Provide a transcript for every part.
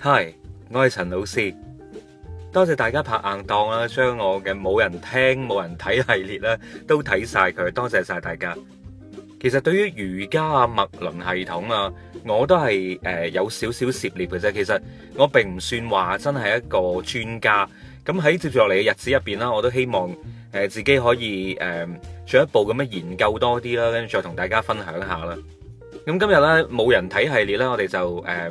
係，Hi, 我係陳老 C，多謝大家拍硬檔啦，將我嘅冇人聽冇人睇系列咧都睇晒佢，多謝晒大家。其實對於瑜伽啊、脈輪系統啊，我都係誒、呃、有少少涉獵嘅啫。其實我並唔算話真係一個專家。咁喺接住落嚟嘅日子入邊啦，我都希望誒自己可以誒進、呃、一步咁樣研究多啲啦，跟住再同大家分享下啦。咁今日咧冇人睇系列咧，我哋就誒。呃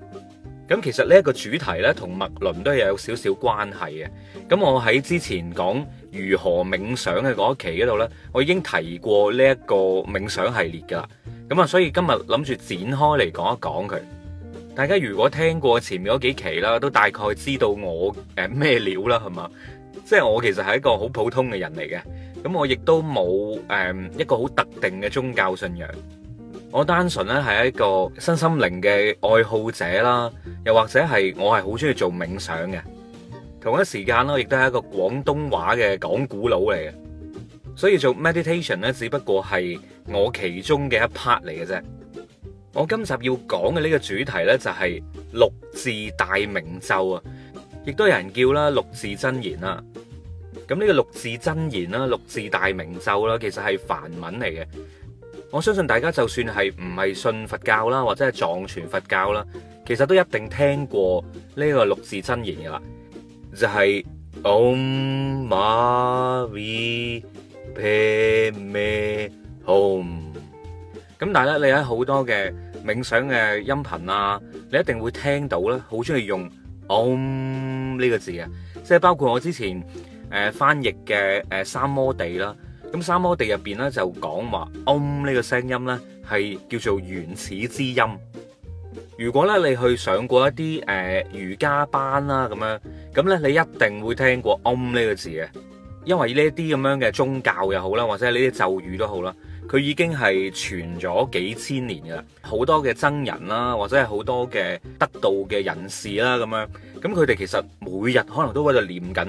咁其實呢一個主題咧，同麥倫都係有少少關係嘅。咁我喺之前講如何冥想嘅嗰一期嗰度呢，我已經提過呢一個冥想系列噶啦。咁啊，所以今日諗住展開嚟講一講佢。大家如果聽過前面嗰幾期啦，都大概知道我誒咩料啦，係、呃、嘛？即係我其實係一個好普通嘅人嚟嘅。咁我亦都冇誒一個好特定嘅宗教信仰。我單純咧，係一個身心靈嘅愛好者啦，又或者係我係好中意做冥想嘅。同一時間啦，亦都係一個廣東話嘅講古佬嚟嘅。所以做 meditation 咧，只不過係我其中嘅一 part 嚟嘅啫。我今集要講嘅呢個主題咧，就係六字大明咒啊，亦都有人叫啦六字真言啦。咁呢個六字真言啦，六字大明咒啦，其實係梵文嚟嘅。我相信大家就算係唔係信佛教啦，或者係藏傳佛教啦，其實都一定聽過呢個六字真言嘅啦，就係 Om Mani Padme Hum。咁但係咧，你喺好多嘅冥想嘅音頻啊，你一定會聽到咧，好鍾意用 Om 呢個字嘅，即係包括我之前誒翻譯嘅誒三摩地啦。咁《三摩地》入邊咧就講話“嗡”呢個聲音咧係叫做原始之音。如果咧你去上過一啲誒、呃、瑜伽班啦咁樣，咁咧你一定會聽過、哦“嗡”呢個字嘅，因為呢一啲咁樣嘅宗教又好啦，或者係呢啲咒語都好啦，佢已經係傳咗幾千年噶啦。好多嘅僧人啦，或者係好多嘅得道嘅人士啦，咁樣，咁佢哋其實每日可能都喺度念緊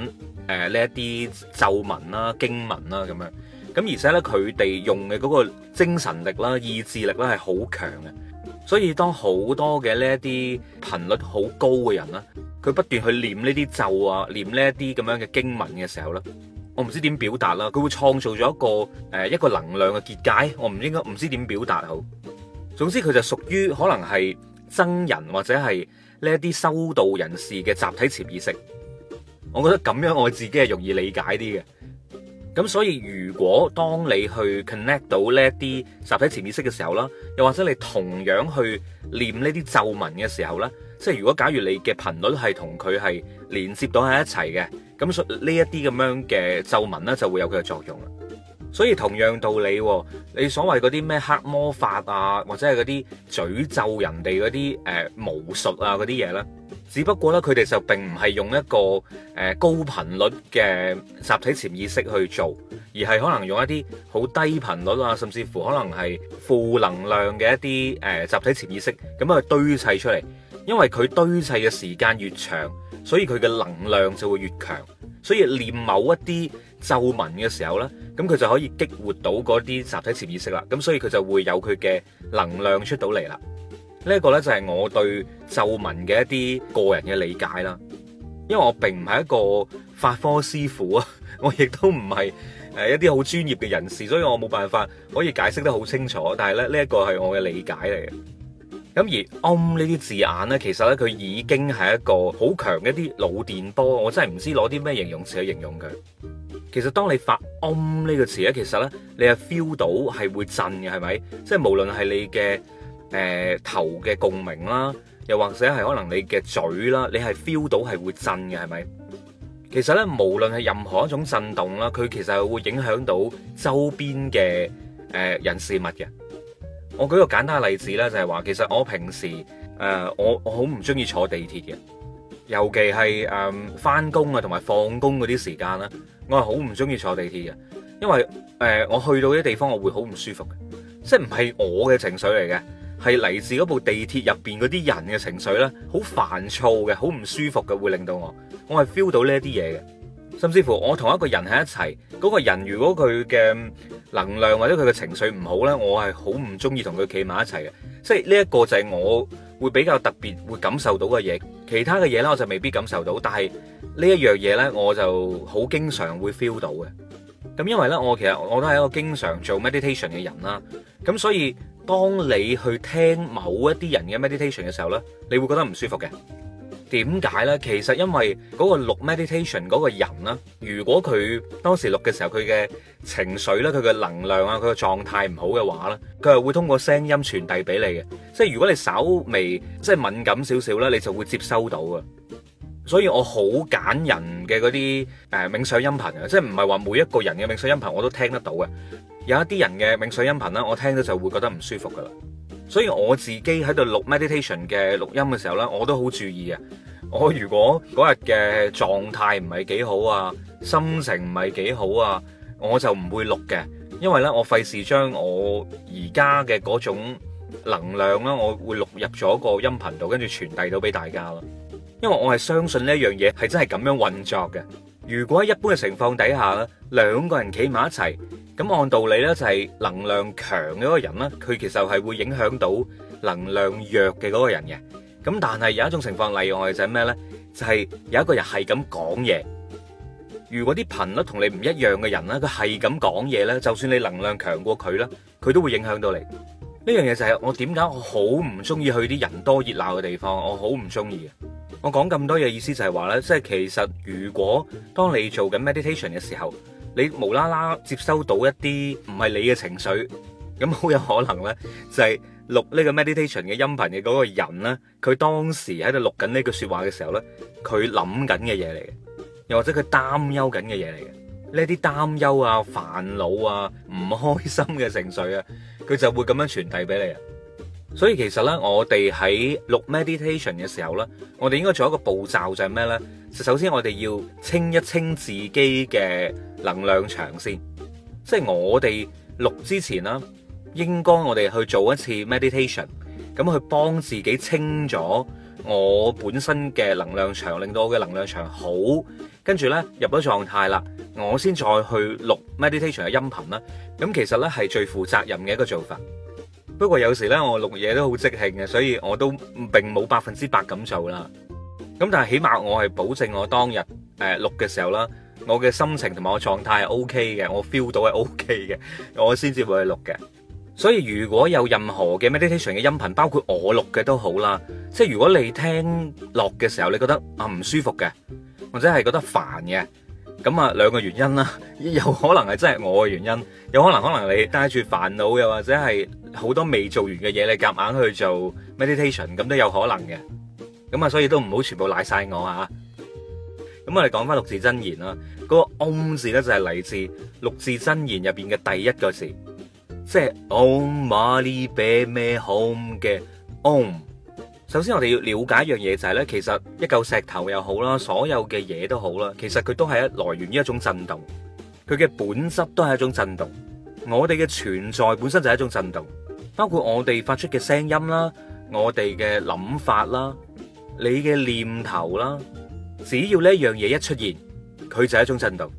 誒呢一啲咒文啦、經文啦咁樣。咁而且咧，佢哋用嘅嗰個精神力啦、意志力啦，係好強嘅。所以當好多嘅呢一啲頻率好高嘅人啦，佢不斷去念呢啲咒啊、念呢一啲咁樣嘅經文嘅時候咧，我唔知點表達啦。佢會創造咗一個誒、呃、一個能量嘅結界。我唔應該唔知點表達好。總之佢就屬於可能係僧人或者係呢一啲修道人士嘅集體潛意識。我覺得咁樣我自己係容易理解啲嘅。咁所以如果當你去 connect 到呢一啲集體潛意識嘅時候啦，又或者你同樣去念呢啲咒文嘅時候呢，即係如果假如你嘅頻率係同佢係連接到喺一齊嘅，咁所呢一啲咁樣嘅咒文呢，就會有佢嘅作用啦。所以同樣道理，你所謂嗰啲咩黑魔法啊，或者係嗰啲詛咒人哋嗰啲誒巫術啊嗰啲嘢呢。只不過咧，佢哋就並唔係用一個誒高頻率嘅集體潛意識去做，而係可能用一啲好低頻率啊，甚至乎可能係負能量嘅一啲誒集體潛意識咁去堆砌出嚟。因為佢堆砌嘅時間越長，所以佢嘅能量就會越強。所以念某一啲咒文嘅時候呢，咁佢就可以激活到嗰啲集體潛意識啦。咁所以佢就會有佢嘅能量出到嚟啦。呢一個呢，就係我對咒文嘅一啲個人嘅理解啦，因為我並唔係一個法科師傅啊， 我亦都唔係誒一啲好專業嘅人士，所以我冇辦法可以解釋得好清楚。但係咧，呢一個係我嘅理解嚟嘅。咁而「嗡」呢啲字眼呢，其實呢，佢已經係一個好強一啲腦電波，我真係唔知攞啲咩形容詞去形容佢。其實當你發「嗡」呢個詞呢，其實呢，你係 feel 到係會震嘅，係咪？即係無論係你嘅。誒頭嘅共鳴啦，又或者係可能你嘅嘴啦，你係 feel 到係會震嘅，係咪？其實呢，無論係任何一種震動啦，佢其實係會影響到周邊嘅誒人事物嘅。我舉個簡單嘅例子啦，就係話其實我平時誒我我好唔中意坐地鐵嘅，尤其係誒翻工啊同埋放工嗰啲時間啦，我係好唔中意坐地鐵嘅，因為誒我去到啲地方我會好唔舒服嘅，即係唔係我嘅情緒嚟嘅。係嚟自嗰部地鐵入邊嗰啲人嘅情緒咧，好煩躁嘅，好唔舒服嘅，會令到我，我係 feel 到呢一啲嘢嘅。甚至乎我同一個人喺一齊，嗰個人如果佢嘅能量或者佢嘅情緒唔好呢，我係好唔中意同佢企埋一齊嘅。即係呢一個就係我會比較特別會感受到嘅嘢，其他嘅嘢呢我就未必感受到，但係呢一樣嘢呢我就好經常會 feel 到嘅。咁因為呢，我其實我都係一個經常做 meditation 嘅人啦。咁所以，當你去聽某一啲人嘅 meditation 嘅時候呢，你會覺得唔舒服嘅。點解呢？其實因為嗰個錄 meditation 嗰個人呢，如果佢當時錄嘅時候佢嘅情緒呢、佢嘅能量啊、佢嘅狀態唔好嘅話呢，佢係會通過聲音傳遞俾你嘅。即係如果你稍微即係敏感少少呢，你就會接收到嘅。所以我好揀人嘅嗰啲誒冥想音頻啊，即係唔係話每一個人嘅冥想音頻我都聽得到嘅。有一啲人嘅冥想音頻咧，我聽到就會覺得唔舒服噶啦。所以我自己喺度錄 meditation 嘅錄音嘅時候咧，我都好注意啊。我如果嗰日嘅狀態唔係幾好啊，心情唔係幾好啊，我就唔會錄嘅，因為咧我費事將我而家嘅嗰種能量咧，我會錄入咗個音頻度，跟住傳遞到俾大家啦。因為我係相信呢一樣嘢係真係咁樣運作嘅。如果喺一般嘅情況底下咧，兩個人企埋一齊，咁按道理咧就係能量強嘅嗰個人咧，佢其實係會影響到能量弱嘅嗰個人嘅。咁但係有一種情況例外，就係咩咧？就係有一個人係咁講嘢。如果啲頻率同你唔一樣嘅人咧，佢係咁講嘢咧，就算你能量強過佢啦，佢都會影響到你。呢樣嘢，就係我點解我好唔中意去啲人多熱鬧嘅地方，我好唔中意嘅。我講咁多嘢，意思就係話，呢即係其實如果當你做緊 meditation 嘅時候，你無啦啦接收到一啲唔係你嘅情緒，咁好有可能呢就係錄呢個 meditation 嘅音頻嘅嗰個人，呢佢當時喺度錄緊呢句說話嘅時候，呢佢諗緊嘅嘢嚟嘅，又或者佢擔憂緊嘅嘢嚟嘅，呢啲擔憂啊、煩惱啊、唔開心嘅情緒啊。佢就會咁樣傳遞俾你啊！所以其實呢，我哋喺錄 meditation 嘅時候呢，我哋應該做一個步驟就係咩呢？首先我哋要清一清自己嘅能量場先，即係我哋錄之前啦，應該我哋去做一次 meditation，咁去幫自己清咗。我本身嘅能量場令到我嘅能量場好，跟住呢入咗狀態啦，我先再去錄 meditation 嘅音頻啦。咁其實呢係最負責任嘅一個做法。不過有時呢我錄嘢都好即興嘅，所以我都並冇百分之百咁做啦。咁但係起碼我係保證我當日誒錄嘅時候啦，我嘅心情同埋我狀態係 OK 嘅，我 feel 到係 OK 嘅，我先至會去錄嘅。所以如果有任何嘅 meditation 嘅音頻，包括我錄嘅都好啦。即係如果你聽落嘅時候，你覺得啊唔舒服嘅，或者係覺得煩嘅，咁啊兩個原因啦。有可能係真係我嘅原因，有可能可能你帶住煩惱，又或者係好多未做完嘅嘢，你夾硬去做 meditation，咁都有可能嘅。咁啊，所以都唔好全部賴晒我吓。咁我哋講翻六字真言啦，嗰個唵字咧就係嚟自六字真言入邊嘅第一個字。即係，home，my，baby，home 嘅 home。首先，我哋要了解一樣嘢就係咧，其實一嚿石頭又好啦，所有嘅嘢都好啦，其實佢都係一來源於一種震動，佢嘅本質都係一種震動。我哋嘅存在本身就係一種震動，包括我哋發出嘅聲音啦，我哋嘅諗法啦，你嘅念頭啦，只要呢一樣嘢一出現，佢就係一種震動。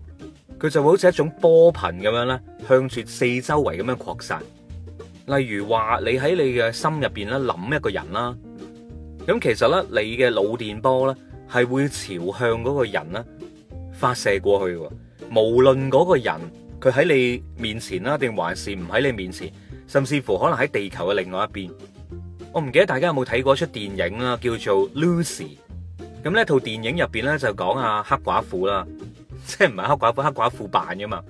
佢就會好似一種波頻咁樣咧，向住四周圍咁樣擴散。例如話，你喺你嘅心入邊咧，諗一個人啦，咁其實咧，你嘅腦電波咧，係會朝向嗰個人咧發射過去嘅喎。無論嗰個人佢喺你面前啦，定還是唔喺你面前，甚至乎可能喺地球嘅另外一邊。我唔記得大家有冇睇過一出電影啦，叫做《Lucy》。咁呢套電影入邊咧，就講啊黑寡婦啦。即係唔係黑寡婦，黑寡婦扮嘅嘛？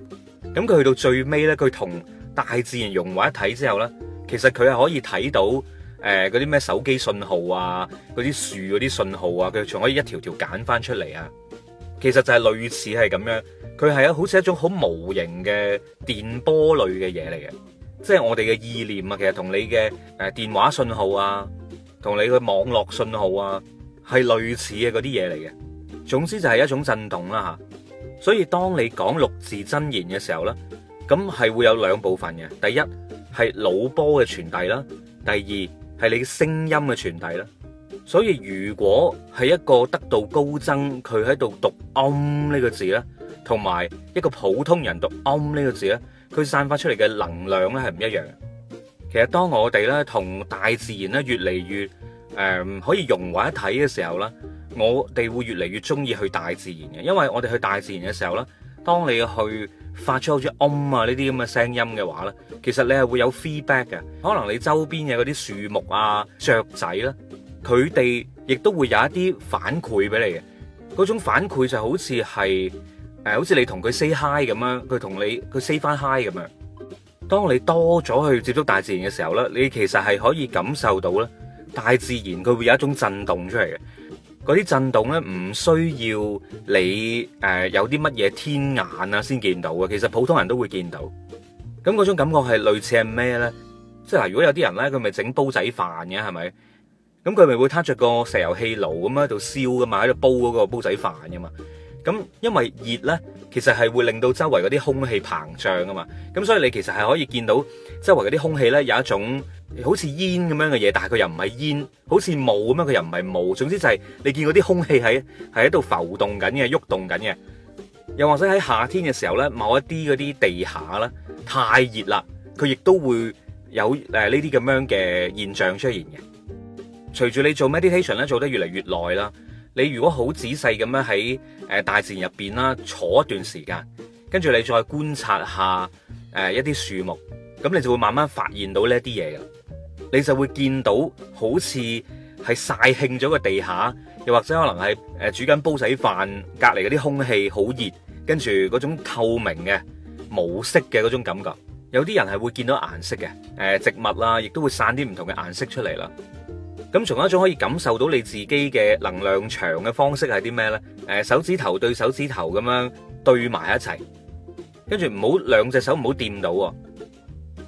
咁佢去到最尾咧，佢同大自然融為一體之後咧，其實佢係可以睇到誒嗰啲咩手機信號啊，嗰啲樹嗰啲信號啊，佢仲可以一條條揀翻出嚟啊。其實就係類似係咁樣，佢係好似一種好無形嘅電波類嘅嘢嚟嘅，即係我哋嘅意念啊，其實同你嘅誒電話信號啊，同你嘅網絡信號啊係類似嘅嗰啲嘢嚟嘅。總之就係一種震動啦、啊、嚇。所以，當你講六字真言嘅時候咧，咁係會有兩部分嘅。第一係腦波嘅傳遞啦，第二係你嘅聲音嘅傳遞啦。所以，如果係一個得道高僧佢喺度讀嗡呢個字咧，同埋一個普通人讀嗡呢個字咧，佢散發出嚟嘅能量咧係唔一樣嘅。其實，當我哋咧同大自然咧越嚟越誒可以融為一體嘅時候啦。我哋會越嚟越中意去大自然嘅，因為我哋去大自然嘅時候咧，當你去發出好似嗡啊呢啲咁嘅聲音嘅話咧，其實你係會有 feedback 嘅，可能你周邊嘅嗰啲樹木啊、雀仔咧，佢哋亦都會有一啲反饋俾你嘅，嗰種反饋就好似係誒，好似你同佢 say hi 咁樣，佢同你佢 say 返 hi 咁樣。當你多咗去接觸大自然嘅時候咧，你其實係可以感受到咧，大自然佢會有一種震動出嚟嘅。嗰啲震動咧，唔需要你誒有啲乜嘢天眼啊，先見到嘅。其實普通人都會見到，咁嗰種感覺係類似係咩咧？即係嗱，如果有啲人咧，佢咪整煲仔飯嘅係咪？咁佢咪會攤着個石油氣爐咁喺度燒噶嘛，喺度煲嗰個煲仔飯噶嘛。咁因為熱咧，其實係會令到周圍嗰啲空氣膨脹噶嘛，咁所以你其實係可以見到。周圍嗰啲空氣咧，有一種好似煙咁樣嘅嘢，但係佢又唔係煙，好似霧咁樣，佢又唔係霧。總之就係你見嗰啲空氣喺喺度浮動緊嘅，喐動緊嘅。又或者喺夏天嘅時候咧，某一啲嗰啲地下啦太熱啦，佢亦都會有誒呢啲咁樣嘅現象出現嘅。隨住你做 meditation 咧，做得越嚟越耐啦，你如果好仔細咁樣喺誒大自然入邊啦坐一段時間，跟住你再觀察下誒、呃、一啲樹木。咁你就會慢慢發現到呢一啲嘢啦，你就會見到好似係晒慶咗個地下，又或者可能係誒煮緊煲仔飯，隔籬嗰啲空氣好熱，跟住嗰種透明嘅、冇色嘅嗰種感覺。有啲人係會見到顏色嘅，誒植物啊，亦都會散啲唔同嘅顏色出嚟啦。咁仲有一種可以感受到你自己嘅能量場嘅方式係啲咩呢？誒，手指頭對手指頭咁樣對埋一齊，跟住唔好兩隻手唔好掂到。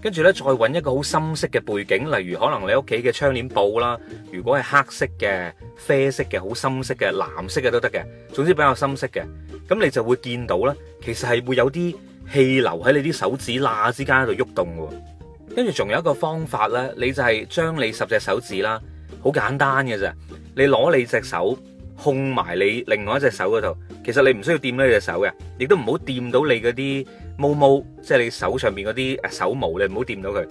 跟住呢，再揾一個好深色嘅背景，例如可能你屋企嘅窗簾布啦，如果係黑色嘅、啡色嘅、好深色嘅、藍色嘅都得嘅，總之比較深色嘅，咁你就會見到呢，其實係會有啲氣流喺你啲手指罅之間喺度喐動喎。跟住仲有一個方法呢，你就係將你十隻手指啦，好簡單嘅啫，你攞你隻手。控埋你另外一隻手嗰度，其實你唔需要掂呢隻手嘅，亦都唔好掂到你嗰啲毛毛，即係你手上邊嗰啲誒手毛你唔好掂到佢。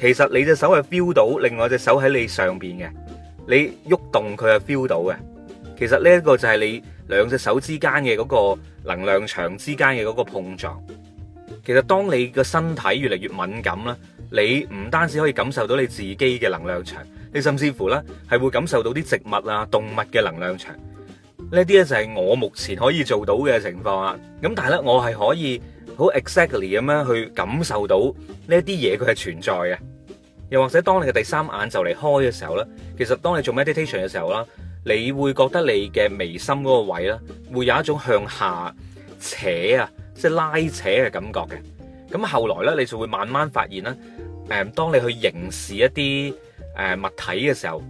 其實你隻手係 feel 到另外一隻手喺你上邊嘅，你喐動佢係 feel 到嘅。其實呢一個就係你兩隻手之間嘅嗰個能量場之間嘅嗰個碰撞。其實當你個身體越嚟越敏感啦，你唔單止可以感受到你自己嘅能量場。你甚至乎咧，係會感受到啲植物啊、動物嘅能量場，呢一啲咧就係我目前可以做到嘅情況啊。咁但係咧，我係可以好 exactly 咁樣去感受到呢一啲嘢佢係存在嘅。又或者，當你嘅第三眼就嚟開嘅時候咧，其實當你做 meditation 嘅時候啦，你會覺得你嘅眉心嗰個位咧，會有一種向下扯啊，即係拉扯嘅感覺嘅。咁後來咧，你就會慢慢發現啦，誒，當你去凝視一啲，誒、呃、物體嘅時候，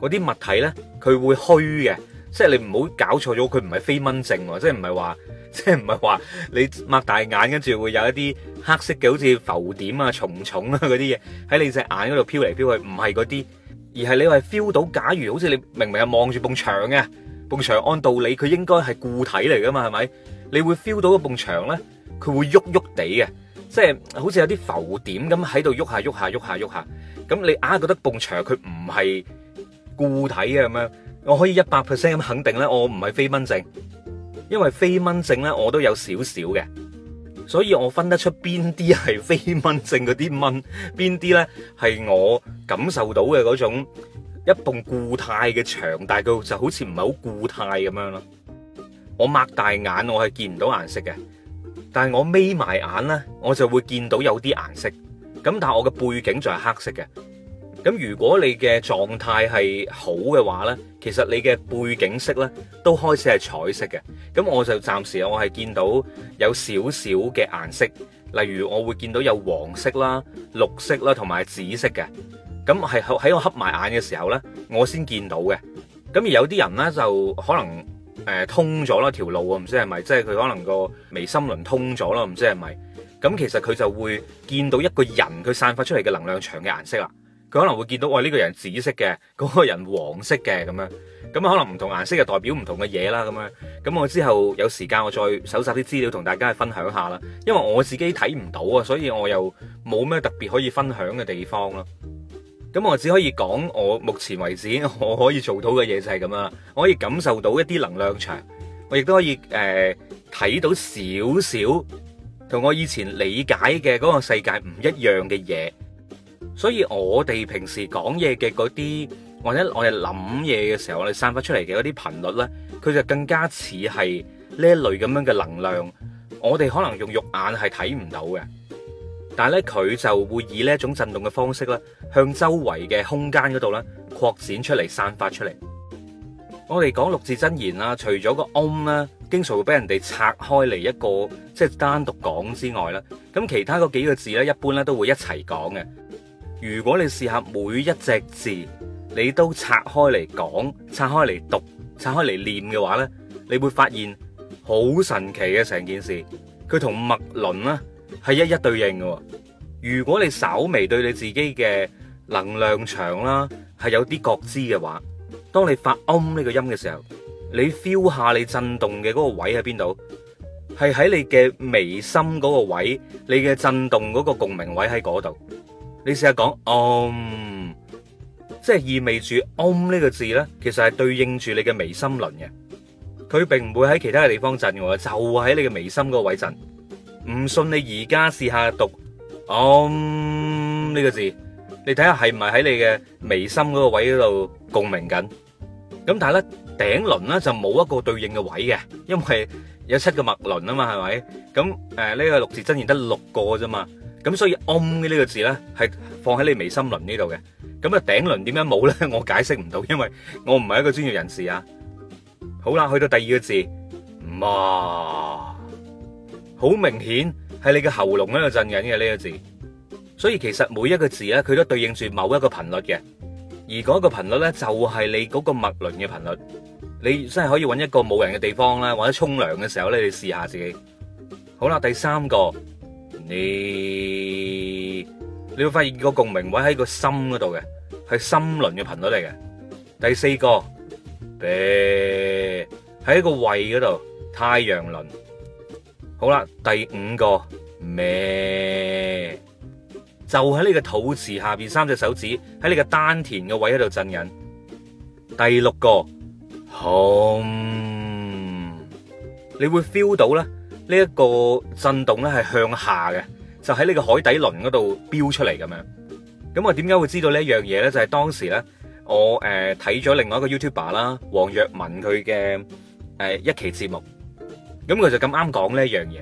嗰啲物體咧，佢會虛嘅，即係你唔好搞錯咗，佢唔係飛蚊症喎、啊，即係唔係話，即係唔係話你擘大眼跟住會有一啲黑色嘅好似浮點啊、蟲蟲啊嗰啲嘢喺你隻眼嗰度飄嚟飄去，唔係嗰啲，而係你係 feel 到，假如好似你明明係望住埲牆嘅，埲牆按道理佢應該係固體嚟噶嘛，係咪？你會 feel 到嗰埲牆咧，佢會喐喐地嘅。即係好似有啲浮點咁喺度喐下喐下喐下喐下，咁你硬覺得埲牆佢唔係固體啊咁樣，我可以一百 percent 咁肯定咧，我唔係飛蚊症，因為飛蚊症咧我都有少少嘅，所以我分得出邊啲係飛蚊症嗰啲蚊，邊啲咧係我感受到嘅嗰種一埲固態嘅牆，但係佢就好似唔係好固態咁樣咯。我擘大眼我係見唔到顏色嘅。但係我眯埋眼呢，我就會見到有啲顏色。咁但係我嘅背景就係黑色嘅。咁如果你嘅狀態係好嘅話呢，其實你嘅背景色呢都開始係彩色嘅。咁我就暫時我係見到有少少嘅顏色，例如我會見到有黃色啦、綠色啦同埋紫色嘅。咁係喺我黑埋眼嘅時候呢，我先見到嘅。咁而有啲人呢，就可能。誒通咗啦條路喎，唔知係咪，即係佢可能個微心輪通咗啦，唔知係咪。咁其實佢就會見到一個人佢散發出嚟嘅能量場嘅顏色啦。佢可能會見到，我呢個人紫色嘅，嗰個人黃色嘅咁樣。咁可能唔同顏色就代表唔同嘅嘢啦咁樣。咁我之後有時間我再搜集啲資料同大家去分享下啦。因為我自己睇唔到啊，所以我又冇咩特別可以分享嘅地方咯。咁我只可以講我目前為止我可以做到嘅嘢就係咁啦，我可以感受到一啲能量場，我亦都可以誒睇到少少同我以前理解嘅嗰個世界唔一樣嘅嘢，所以我哋平時講嘢嘅嗰啲或者我哋諗嘢嘅時候，我哋散發出嚟嘅嗰啲頻率咧，佢就更加似係呢一類咁樣嘅能量，我哋可能用肉眼係睇唔到嘅。但係咧，佢就會以呢一種震動嘅方式咧，向周圍嘅空間嗰度咧，擴展出嚟、散發出嚟。我哋講六字真言啦，除咗個嗡啦，經、oh、常會俾人哋拆開嚟一個，即係單獨講之外啦，咁其他嗰幾個字咧，一般咧都會一齊講嘅。如果你試下每一隻字，你都拆開嚟講、拆開嚟讀、拆開嚟念嘅話咧，你會發現好神奇嘅、啊、成件事。佢同脈輪啦。係一一對應嘅。如果你稍微對你自己嘅能量場啦，係有啲覺知嘅話，當你發嗡呢個音嘅時候，你 feel 下你震動嘅嗰個位喺邊度？係喺你嘅眉心嗰個位，你嘅震動嗰個共鳴位喺嗰度。你試下講嗡，即係意味住嗡呢個字咧，其實係對應住你嘅眉心輪嘅。佢並唔會喺其他嘅地方震嘅，就會喺你嘅眉心嗰個位震。唔信，你而家試下讀唵呢個字，你睇下係唔係喺你嘅眉心嗰個位度共鳴緊？咁但係咧，頂輪咧就冇一個對應嘅位嘅，因為有七個脈輪啊嘛，係咪？咁誒呢個六字真言得六個啫嘛，咁所以唵嘅呢個字咧係放喺你眉心輪呢度嘅。咁啊頂輪點解冇咧？我解釋唔到，因為我唔係一個專業人士啊。好啦，去到第二個字嘛。好明顯係你嘅喉嚨喺度震緊嘅呢個字，所以其實每一個字咧，佢都對應住某一個頻率嘅，而嗰個頻率咧就係你嗰個脈輪嘅頻率。你真係可以揾一個冇人嘅地方啦，或者沖涼嘅時候咧，你試下自己。好啦，第三個，你你會發現個共鳴位喺個心嗰度嘅，係心輪嘅頻率嚟嘅。第四個，喺個胃嗰度，太陽輪。好啦，第五個咩？就喺呢個肚臍下邊三隻手指，喺你嘅丹田嘅位喺度震緊。第六個，胸，你會 feel 到咧？呢、這、一個震動咧係向下嘅，就喺呢個海底輪嗰度飆出嚟，咁樣。咁我點解會知道呢一樣嘢咧？就係、是、當時咧，我誒睇咗另外一個 YouTuber 啦，黃若文佢嘅誒一期節目。咁佢就咁啱講呢一樣嘢，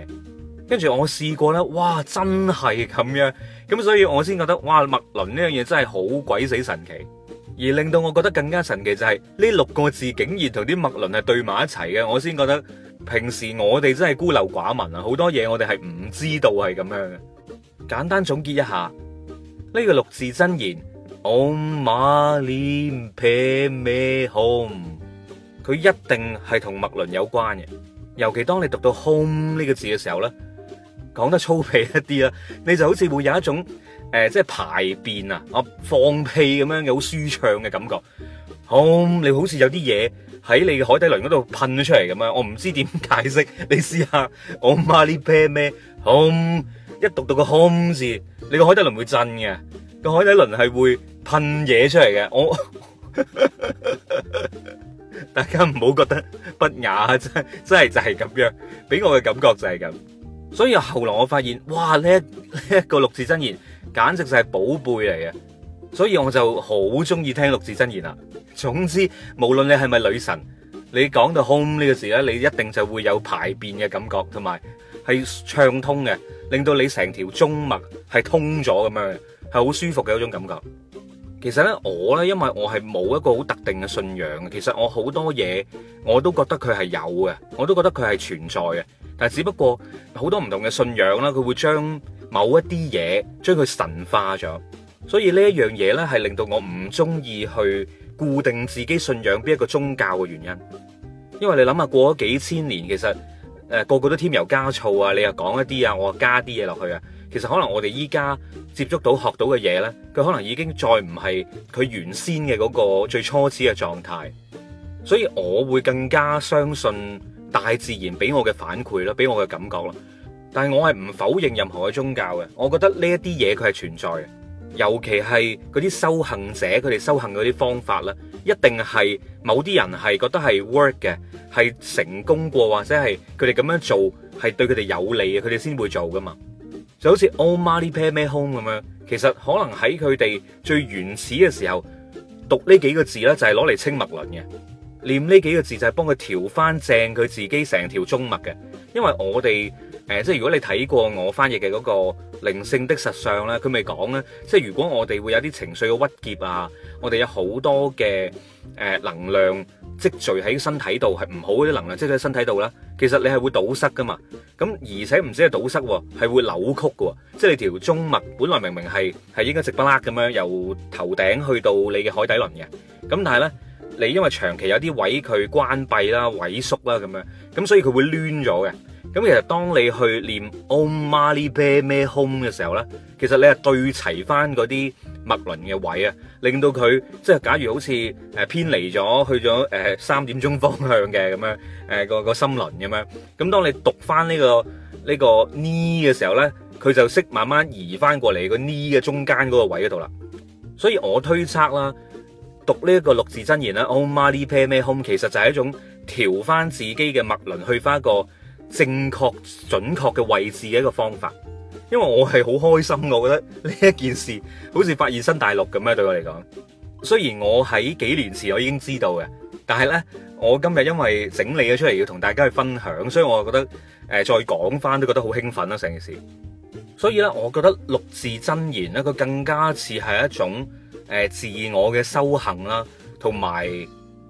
跟住我試過啦，哇，真係咁樣，咁所以我先覺得，哇，麥倫呢樣嘢真係好鬼死神奇，而令到我覺得更加神奇就係、是、呢六個字竟然同啲麥倫係對埋一齊嘅，我先覺得平時我哋真係孤陋寡聞啊，好多嘢我哋係唔知道係咁樣嘅。簡單總結一下，呢、這個六字真言，Om mani padme hum，佢一定係同麥倫有關嘅。尤其當你讀到 home 呢個字嘅時候咧，講得粗鄙一啲啦，你就好似會有一種誒、呃，即係排便啊，我放屁咁樣嘅好舒暢嘅感覺。home 你好似有啲嘢喺你嘅海底輪嗰度噴咗出嚟咁樣，我唔知點解釋，你試下。我媽啲啤咩 home？一讀到個 home 字，你個海底輪會震嘅，個海底輪係會噴嘢出嚟嘅。我。 大家唔好覺得不雅，真真係就係咁樣，俾我嘅感覺就係咁。所以後來我發現，哇！呢呢一個六字真言簡直就係寶貝嚟嘅，所以我就好中意聽六字真言啦。總之，無論你係咪女神，你講到 home 呢個字咧，你一定就會有排便嘅感覺，同埋係暢通嘅，令到你成條中脈係通咗咁樣嘅，係好舒服嘅嗰種感覺。其實呢，我呢，因為我係冇一個好特定嘅信仰嘅。其實我好多嘢，我都覺得佢係有嘅，我都覺得佢係存在嘅。但係只不過好多唔同嘅信仰啦，佢會將某一啲嘢，將佢神化咗。所以呢一樣嘢呢，係令到我唔中意去固定自己信仰邊一個宗教嘅原因。因為你諗下過咗幾千年，其實誒、呃、個個都添油加醋啊，你又講一啲啊，我加啲嘢落去啊。其實可能我哋依家接觸到學到嘅嘢呢，佢可能已經再唔係佢原先嘅嗰個最初始嘅狀態，所以我會更加相信大自然俾我嘅反饋啦，俾我嘅感覺啦。但係我係唔否認任何嘅宗教嘅，我覺得呢一啲嘢佢係存在嘅，尤其係嗰啲修行者佢哋修行嗰啲方法啦，一定係某啲人係覺得係 work 嘅，係成功過或者係佢哋咁樣做係對佢哋有利嘅，佢哋先會做噶嘛。就好似《Om Mani Padme Hum》咁樣，其實可能喺佢哋最原始嘅時候讀呢幾個字咧，就係攞嚟清脈輪嘅，念呢幾個字就係幫佢調翻正佢自己成條中脈嘅，因為我哋。誒，即係如果你睇過我翻譯嘅嗰、那個靈性的實相咧，佢咪講咧，即係如果我哋會有啲情緒嘅鬱結啊，我哋有好多嘅誒能量積聚喺身體度，係唔好嗰啲能量積聚喺身體度啦，其實你係會堵塞噶嘛，咁而且唔止係堵塞，係會扭曲嘅，即係你條中脈本來明明係係應該直不甩咁樣由頭頂去到你嘅海底輪嘅，咁但係咧你因為長期有啲位佢關閉啦、萎縮啦咁樣，咁所以佢會攣咗嘅。咁其實，當你去念 Om Mani Padme Hum 嘅時候咧，其實你係對齊翻嗰啲脈輪嘅位啊，令到佢即係假如好似誒偏離咗去咗誒、呃、三點鐘方向嘅咁樣誒、呃、個個心輪咁樣。咁當你讀翻呢、這個呢、這個呢嘅時候咧，佢就識慢慢移翻過嚟個呢嘅中間嗰個位嗰度啦。所以我推測啦，讀呢一個六字真言啦 Om Mani Padme Hum 其實就係一種調翻自己嘅脈輪去翻一個正確準確嘅位置嘅一個方法，因為我係好開心，我覺得呢一件事好似發現新大陸咁樣，對我嚟講。雖然我喺幾年前我已經知道嘅，但係呢，我今日因為整理咗出嚟要同大家去分享，所以我覺得誒、呃、再講返都覺得好興奮啦，成件事。所以呢，我覺得六字真言咧，佢更加似係一種誒、呃、自我嘅修行啦，同埋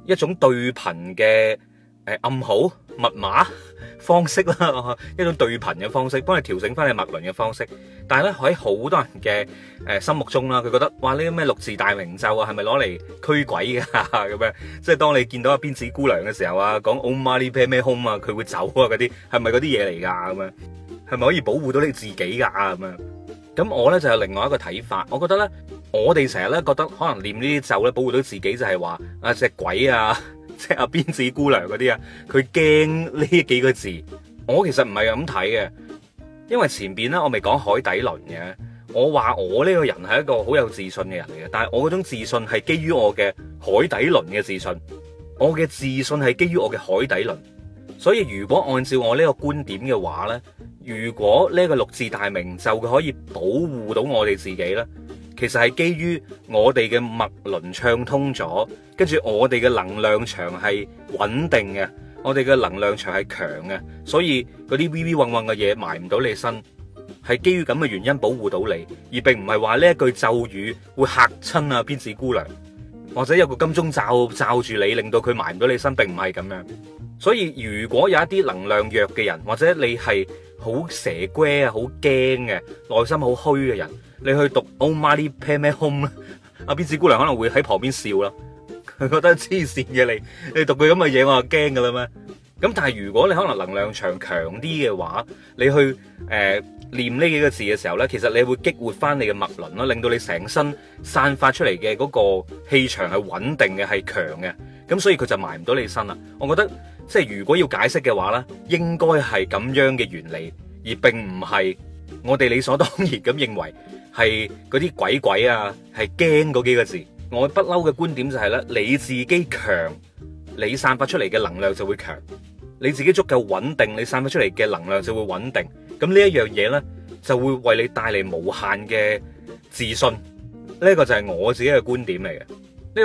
一種對頻嘅。誒，暗號密碼方式啦， 一種對頻嘅方式，幫你調整翻你脈輪嘅方式。但係咧，喺好多人嘅誒心目中啦，佢覺得哇呢啲咩六字大明咒啊，係咪攞嚟驅鬼噶咁樣？ 即係當你見到阿鞭子姑娘嘅時候啊，講 Om Mani Padme Hum 啊，佢會走啊嗰啲，係咪嗰啲嘢嚟噶咁樣？係咪 可以保護到你自己噶咁樣？咁 我咧就有另外一個睇法，我覺得咧，我哋成日咧覺得可能念呢啲咒咧保護到自己就，就係話啊隻鬼啊。即係阿辮子姑娘嗰啲啊，佢驚呢幾個字。我其實唔係咁睇嘅，因為前邊咧我咪講海底輪嘅。我話我呢個人係一個好有自信嘅人嚟嘅，但係我嗰種自信係基於我嘅海底輪嘅自信。我嘅自信係基於我嘅海底輪。所以如果按照我呢個觀點嘅話呢，如果呢個六字大明就可以保護到我哋自己咧。其實係基於我哋嘅脈輪暢通咗，跟住我哋嘅能量場係穩定嘅，我哋嘅能量場係強嘅，所以嗰啲 viv 混混嘅嘢埋唔到你身，係基於咁嘅原因保護到你，而並唔係話呢一句咒語會嚇親啊，仙子姑娘，或者有個金鐘罩罩住你，令到佢埋唔到你身，並唔係咁樣。所以如果有一啲能量弱嘅人，或者你係。好蛇龜啊，好驚嘅，內心好虛嘅人，你去讀 Om mani padme hum 咧？ 阿辮子姑娘可能會喺旁邊笑啦，佢 覺得黐線嘅你，你讀佢咁嘅嘢，我就驚噶啦咩？咁 但係如果你可能能量場強啲嘅話，你去誒念呢幾個字嘅時候咧，其實你會激活翻你嘅脈輪啦，令到你成身散發出嚟嘅嗰個氣場係穩定嘅，係強嘅，咁所以佢就埋唔到你身啦。我覺得。即係如果要解釋嘅話咧，應該係咁樣嘅原理，而並唔係我哋理所當然咁認為係嗰啲鬼鬼啊，係驚嗰幾個字。我不嬲嘅觀點就係咧，你自己強，你散發出嚟嘅能量就會強，你自己足夠穩定，你散發出嚟嘅能量就會穩定。咁呢一樣嘢咧，就會為你帶嚟無限嘅自信。呢個就係我自己嘅觀點嚟嘅。呢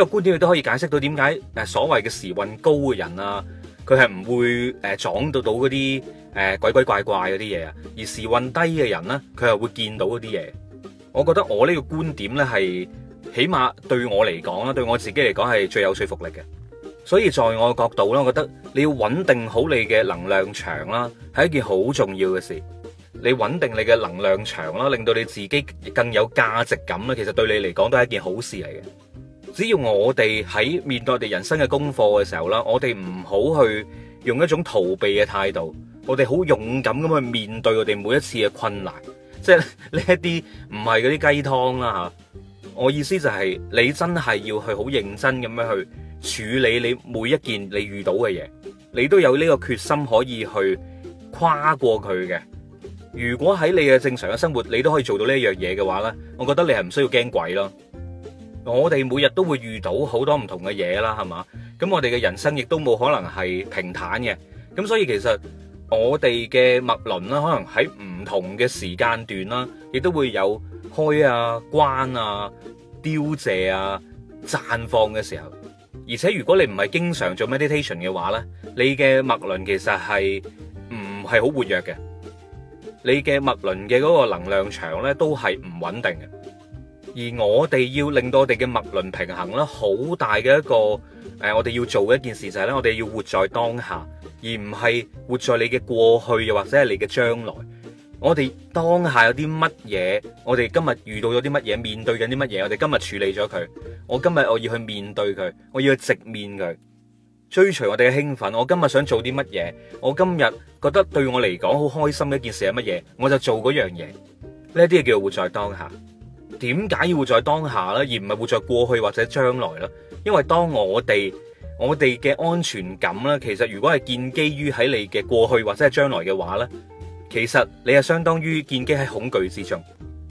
個觀點你都可以解釋到點解誒，所謂嘅時運高嘅人啊，佢係唔會誒撞到到嗰啲誒鬼鬼怪怪嗰啲嘢啊，而時運低嘅人呢，佢係會見到嗰啲嘢。我覺得我呢個觀點呢，係，起碼對我嚟講啦，對我自己嚟講係最有說服力嘅。所以在我角度呢，我覺得你要穩定好你嘅能量場啦，係一件好重要嘅事。你穩定你嘅能量場啦，令到你自己更有價值感啦，其實對你嚟講都係一件好事嚟嘅。只要我哋喺面對我哋人生嘅功課嘅時候啦，我哋唔好去用一種逃避嘅態度，我哋好勇敢咁去面對我哋每一次嘅困難，即係呢一啲唔係嗰啲雞湯啦吓。我意思就係，你真係要去好認真咁樣去處理你每一件你遇到嘅嘢，你都有呢個決心可以去跨過佢嘅。如果喺你嘅正常嘅生活，你都可以做到呢一樣嘢嘅話呢，我覺得你係唔需要驚鬼咯。我哋每日都會遇到好多唔同嘅嘢啦，係嘛？咁我哋嘅人生亦都冇可能係平坦嘅。咁所以其實我哋嘅脈輪啦，可能喺唔同嘅時間段啦，亦都會有開啊、關啊、凋謝啊、綻放嘅時候。而且如果你唔係經常做 meditation 嘅話呢，你嘅脈輪其實係唔係好活躍嘅，你嘅脈輪嘅嗰個能量場呢，都係唔穩定嘅。而我哋要令到我哋嘅脈輪平衡啦，好大嘅一個誒、呃，我哋要做嘅一件事就係咧，我哋要活在當下，而唔係活在你嘅過去又或者係你嘅將來。我哋當下有啲乜嘢？我哋今日遇到咗啲乜嘢？面對緊啲乜嘢？我哋今日處理咗佢。我今日我要去面對佢，我要去直面佢，追隨我哋嘅興奮。我今日想做啲乜嘢？我今日覺得對我嚟講好開心嘅一件事係乜嘢？我就做嗰樣嘢。呢啲叫做活在當下。點解要活在當下啦，而唔係活在過去或者將來啦？因為當我哋我哋嘅安全感啦，其實如果係建基於喺你嘅過去或者係將來嘅話咧，其實你係相當於建基喺恐懼之中。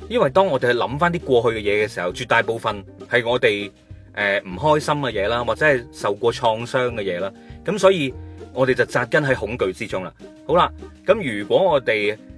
因為當我哋諗翻啲過去嘅嘢嘅時候，絕大部分係我哋誒唔開心嘅嘢啦，或者係受過創傷嘅嘢啦，咁所以我哋就紮根喺恐懼之中啦。好啦，咁如果我哋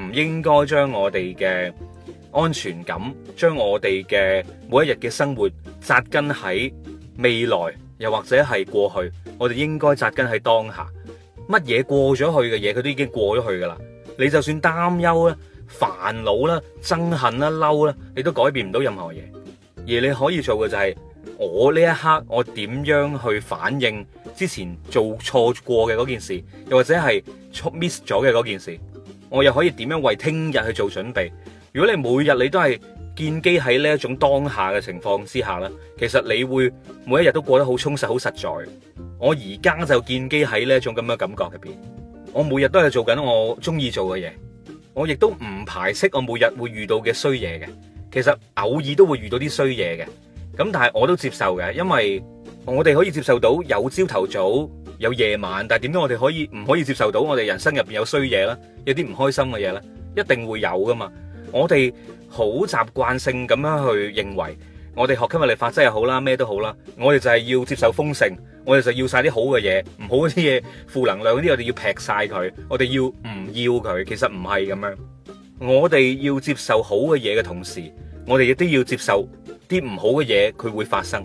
唔應該將我哋嘅安全感，將我哋嘅每一日嘅生活扎根喺未來，又或者係過去，我哋應該扎根喺當下。乜嘢過咗去嘅嘢，佢都已經過咗去噶啦。你就算擔憂啦、煩惱啦、憎恨啦、嬲啦，你都改變唔到任何嘢。而你可以做嘅就係，我呢一刻，我點樣去反應之前做錯過嘅嗰件事，又或者係錯 miss 咗嘅嗰件事。我又可以點樣為聽日去做準備？如果你每日你都係建基喺呢一種當下嘅情況之下呢，其實你會每一日都過得好充實、好實在。我而家就建基喺呢一種咁嘅感覺入邊，我每日都係做緊我中意做嘅嘢，我亦都唔排斥我每日會遇到嘅衰嘢嘅。其實偶爾都會遇到啲衰嘢嘅，咁但係我都接受嘅，因為。我哋可以接受到有朝頭早，有夜晚，但係點解我哋可以唔可以接受到我哋人生入邊有衰嘢呢？有啲唔開心嘅嘢呢？一定會有噶嘛。我哋好習慣性咁樣去認為，我哋學吸引力法則又好啦，咩都好啦，我哋就係要接受豐盛，我哋就要晒啲好嘅嘢，唔好嗰啲嘢，負能量啲，我哋要劈晒佢，我哋要唔要佢？其實唔係咁樣，我哋要接受好嘅嘢嘅同時，我哋亦都要接受啲唔好嘅嘢，佢會發生。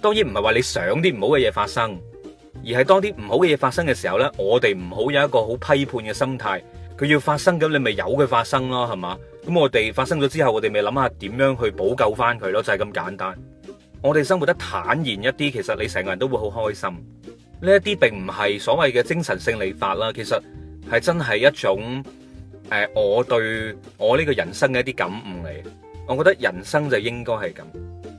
當然唔係話你想啲唔好嘅嘢發生，而係當啲唔好嘅嘢發生嘅時候呢，我哋唔好有一個好批判嘅心態。佢要發生咁，你咪由佢發生咯，係嘛？咁我哋發生咗之後，我哋咪諗下點樣去補救翻佢咯，就係咁簡單。我哋生活得坦然一啲，其實你成個人都會好開心。呢一啲並唔係所謂嘅精神勝利法啦，其實係真係一種誒、呃，我對我呢個人生嘅一啲感悟嚟。我覺得人生就應該係咁。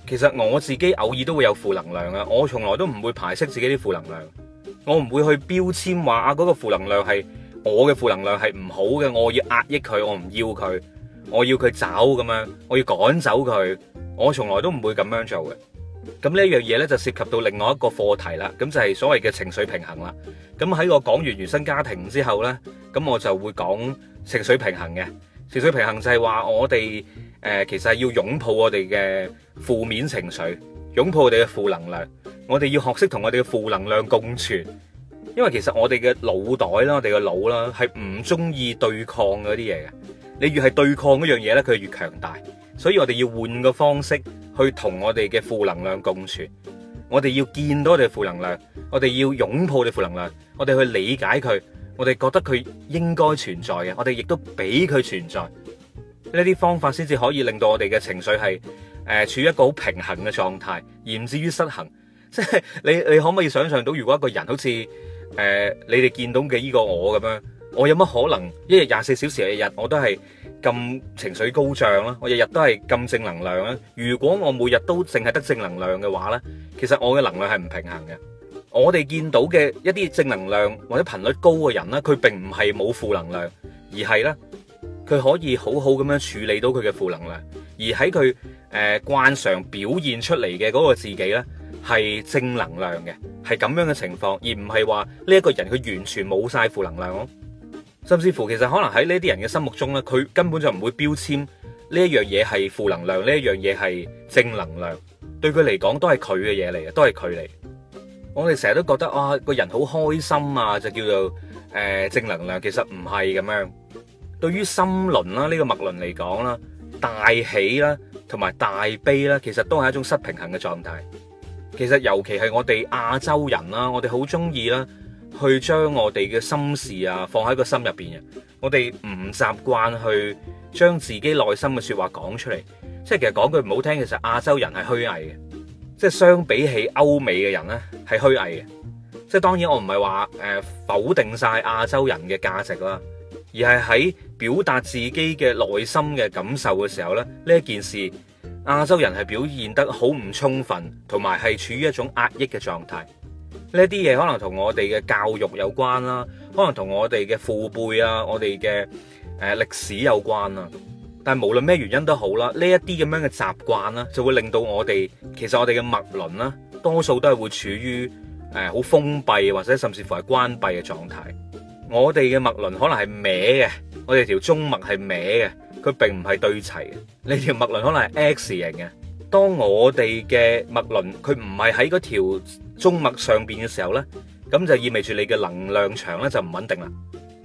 其實我自己偶爾都會有負能量啊，我從來都唔會排斥自己啲負能量，我唔會去標籤話嗰個負能量係我嘅負能量係唔好嘅，我要壓抑佢，我唔要佢，我要佢走咁樣，我要趕走佢，我從來都唔會咁樣做嘅。咁呢一樣嘢呢，就涉及到另外一個課題啦，咁就係所謂嘅情緒平衡啦。咁喺我講完原生家庭之後呢，咁我就會講情緒平衡嘅。情緒平衡就係話我哋誒、呃、其實係要擁抱我哋嘅負面情緒，擁抱我哋嘅負能量。我哋要學識同我哋嘅負能量共存，因為其實我哋嘅腦袋啦，我哋嘅腦啦係唔中意對抗嗰啲嘢嘅。你越係對抗嗰樣嘢咧，佢越強大。所以我哋要換個方式去同我哋嘅負能量共存。我哋要見到我哋負能量，我哋要擁抱你負能量，我哋去理解佢。我哋覺得佢應該存在嘅，我哋亦都俾佢存在呢啲方法，先至可以令到我哋嘅情緒係誒、呃、處於一個好平衡嘅狀態，而唔至於失衡。即係你你可唔可以想象到，如果一個人好似誒、呃、你哋見到嘅呢個我咁樣，我有乜可能一日廿四小時日日我都係咁情緒高漲啦？我日日都係咁正能量啦？如果我每日都淨係得正能量嘅話呢，其實我嘅能量係唔平衡嘅。我哋見到嘅一啲正能量或者頻率高嘅人呢，佢並唔係冇負能量，而係呢，佢可以好好咁樣處理到佢嘅負能量，而喺佢誒慣常表現出嚟嘅嗰個自己呢係正能量嘅，係咁樣嘅情況，而唔係話呢一個人佢完全冇晒負能量咯。甚至乎其實可能喺呢啲人嘅心目中呢，佢根本就唔會標籤呢一樣嘢係負能量，呢一樣嘢係正能量，對佢嚟講都係佢嘅嘢嚟嘅，都係佢嚟。我哋成日都覺得啊，個人好開心啊，就叫做誒、呃、正能量。其實唔係咁樣。對於心輪啦，呢、這個脈輪嚟講啦，大喜啦，同埋大悲啦，其實都係一種失平衡嘅狀態。其實尤其係我哋亞洲人啦，我哋好中意啦，去將我哋嘅心事啊放喺個心入邊嘅。我哋唔習慣去將自己內心嘅說話講出嚟。即係其實講句唔好聽，其實亞洲人係虛偽嘅。即係相比起歐美嘅人呢，係虛偽嘅。即係當然我唔係話誒否定晒亞洲人嘅價值啦，而係喺表達自己嘅內心嘅感受嘅時候呢，呢一件事亞洲人係表現得好唔充分，同埋係處於一種壓抑嘅狀態。呢啲嘢可能同我哋嘅教育有關啦，可能同我哋嘅父輩啊、我哋嘅誒歷史有關啊。但係無論咩原因都好啦，呢一啲咁樣嘅習慣啦，就會令到我哋其實我哋嘅脈輪啦，多數都係會處於誒好封閉或者甚至乎係關閉嘅狀態。我哋嘅脈輪可能係歪嘅，我哋條中脈係歪嘅，佢並唔係對齊嘅。你條脈輪可能係 X 型嘅。當我哋嘅脈輪佢唔係喺嗰條中脈上邊嘅時候呢，咁就意味住你嘅能量場呢就唔穩定啦。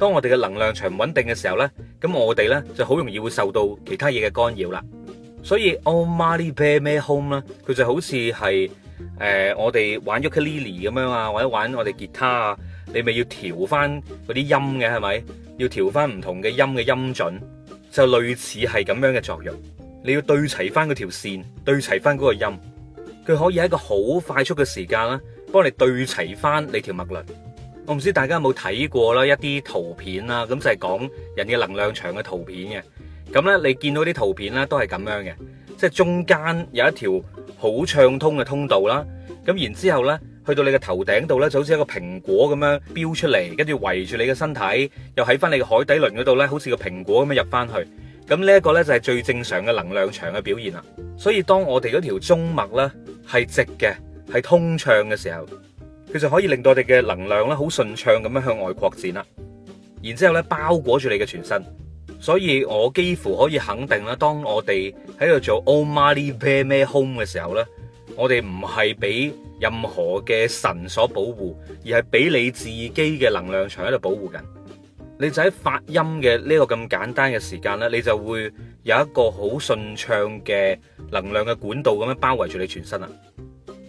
當我哋嘅能量場唔穩定嘅時候咧，咁我哋咧就好容易會受到其他嘢嘅干擾啦。所以 on、oh, my bare metal home 咧，佢就好似係誒，我哋玩 ukulele 咁樣啊，或者玩我哋吉他啊，你咪要調翻嗰啲音嘅係咪？要調翻唔同嘅音嘅音準，就類似係咁樣嘅作用。你要對齊翻嗰條線，對齊翻嗰個音，佢可以喺一個好快速嘅時間啦，幫你對齊翻你條脈輪。我唔知大家有冇睇過啦，一啲圖片啦，咁就係講人嘅能量場嘅圖片嘅。咁咧，你見到啲圖片咧都係咁樣嘅，即係中間有一條好暢通嘅通道啦。咁然之後咧，去到你嘅頭頂度咧，就好似一個蘋果咁樣飆出嚟，跟住圍住你嘅身體，又喺翻你嘅海底輪嗰度咧，好似個蘋果咁樣入翻去。咁呢一個咧就係最正常嘅能量場嘅表現啦。所以當我哋嗰條中脈咧係直嘅，係通暢嘅時候。佢就可以令到我哋嘅能量咧，好順暢咁樣向外擴展啦。然之後咧，包裹住你嘅全身。所以我幾乎可以肯定啦，當我哋喺度做 Om Mani Padme Hum 嘅時候咧，我哋唔係俾任何嘅神所保護，而係俾你自己嘅能量場喺度保護緊。你就喺發音嘅呢個咁簡單嘅時間咧，你就會有一個好順暢嘅能量嘅管道咁樣包圍住你全身啊！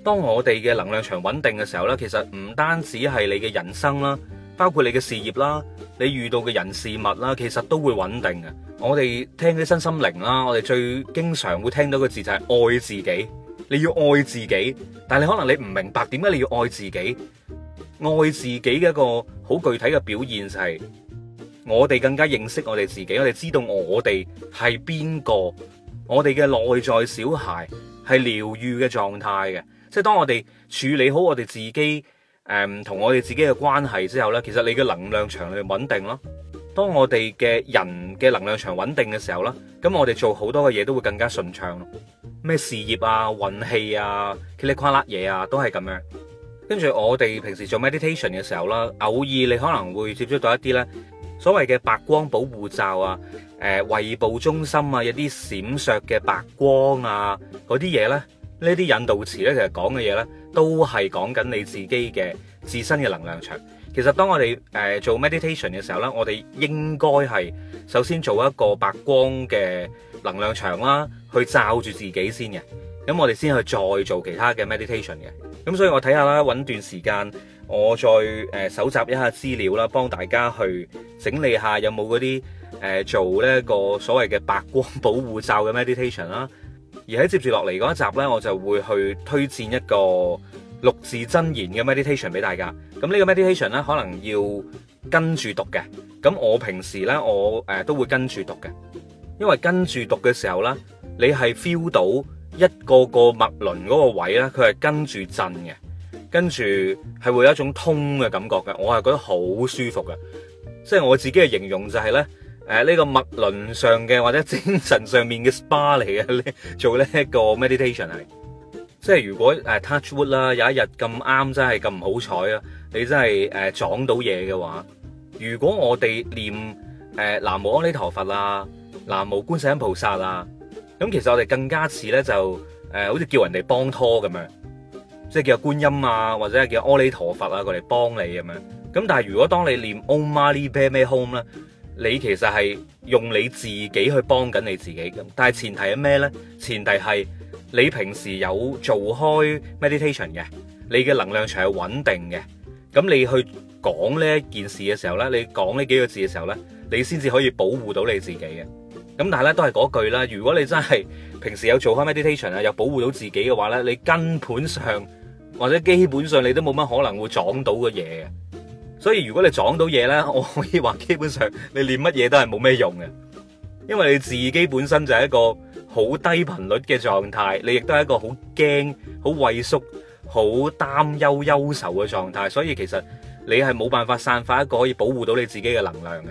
當我哋嘅能量場穩定嘅時候呢，其實唔單止係你嘅人生啦，包括你嘅事業啦，你遇到嘅人事物啦，其實都會穩定嘅。我哋聽起身心靈啦，我哋最經常會聽到個字就係愛自己。你要愛自己，但係你可能你唔明白點解你要愛自己。愛自己嘅一個好具體嘅表現就係，我哋更加認識我哋自己，我哋知道我哋係邊個，我哋嘅內在小孩。係療癒嘅狀態嘅，即係當我哋處理好我哋自己，誒、嗯，同我哋自己嘅關係之後呢，其實你嘅能量場係穩定咯。當我哋嘅人嘅能量場穩定嘅時候呢，咁我哋做好多嘅嘢都會更加順暢咯。咩事業啊、運氣啊、噼里夸甩嘢啊，都係咁樣。跟住我哋平時做 meditation 嘅時候啦，偶爾你可能會接觸到一啲呢所謂嘅白光保護罩啊。誒，胃部中心啊，一啲閃爍嘅白光啊，嗰啲嘢呢，呢啲引導詞呢，其實講嘅嘢呢，都係講緊你自己嘅自身嘅能量場。其實當我哋誒做 meditation 嘅時候呢，我哋應該係首先做一個白光嘅能量場啦，去罩住自己先嘅。咁我哋先去再做其他嘅 meditation 嘅。咁所以我睇下啦，揾段時間，我再誒蒐集一下資料啦，幫大家去整理下有冇嗰啲。誒，做呢個所謂嘅白光保護罩嘅 meditation 啦，而喺接住落嚟嗰一集呢，我就會去推薦一個六字真言嘅 meditation 俾大家。咁呢個 meditation 呢，可能要跟住讀嘅。咁我平時呢，我誒都會跟住讀嘅，因為跟住讀嘅時候呢，你係 feel 到一個個脈輪嗰個位呢，佢係跟住震嘅，跟住係會有一種通嘅感覺嘅。我係覺得好舒服嘅，即係我自己嘅形容就係呢。誒呢個脈輪上嘅或者精神上面嘅 SPA 嚟嘅咧，做呢一個 meditation 嚟，即係如果誒 touch wood 啦，有一日咁啱真係咁唔好彩啊，你真係誒撞到嘢嘅話，如果我哋念誒南無阿彌陀佛啊，南無觀世音菩薩啊，咁其實我哋更加似咧就誒，好似叫人哋幫拖咁樣，即係叫觀音啊，或者係叫阿彌陀佛啊過嚟幫你咁樣。咁但係如果當你念 Om Mani Padme Hum 咧。你其實係用你自己去幫緊你自己咁，但係前提係咩呢？前提係你平時有做開 meditation 嘅，你嘅能量場係穩定嘅。咁你去講呢一件事嘅時候呢，你講呢幾個字嘅時候呢，你先至可以保護到你自己嘅。咁但係咧都係嗰句啦，如果你真係平時有做開 meditation 啊，又保護到自己嘅話呢，你根本上或者基本上你都冇乜可能會撞到嘅嘢。所以如果你撞到嘢呢，我可以話基本上你練乜嘢都係冇咩用嘅，因為你自己本身就係一個好低頻率嘅狀態，你亦都係一個好驚、好畏縮、好擔憂、憂愁嘅狀態，所以其實你係冇辦法散發一個可以保護到你自己嘅能量嘅。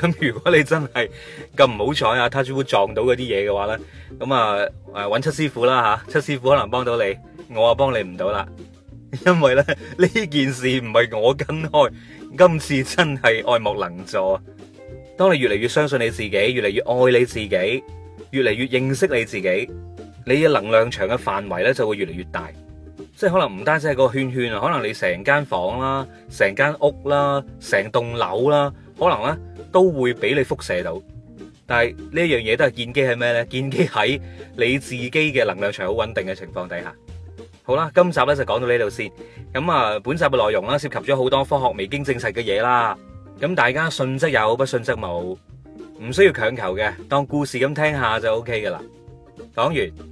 咁如果你真係咁唔好彩啊，touch wood，撞到嗰啲嘢嘅話呢，咁啊誒揾、啊、七師傅啦吓、啊，七師傅可能幫到你，我啊幫你唔到啦。因為咧，呢件事唔係我跟開，今次真係愛莫能助。當你越嚟越相信你自己，越嚟越愛你自己，越嚟越認識你自己，你嘅能量場嘅範圍咧就會越嚟越大。即係可能唔單止係個圈圈啊，可能你成間房啦、成間屋啦、成棟樓啦，可能咧都會俾你輻射到。但係呢樣嘢都係建基喺咩呢？建基喺你自己嘅能量場好穩定嘅情況底下。好啦，今集咧就講到呢度先。咁啊，本集嘅內容啦，涉及咗好多科學未經證實嘅嘢啦。咁大家信則有，不信則無，唔需要強求嘅，當故事咁聽下就 OK 㗎喇。講完。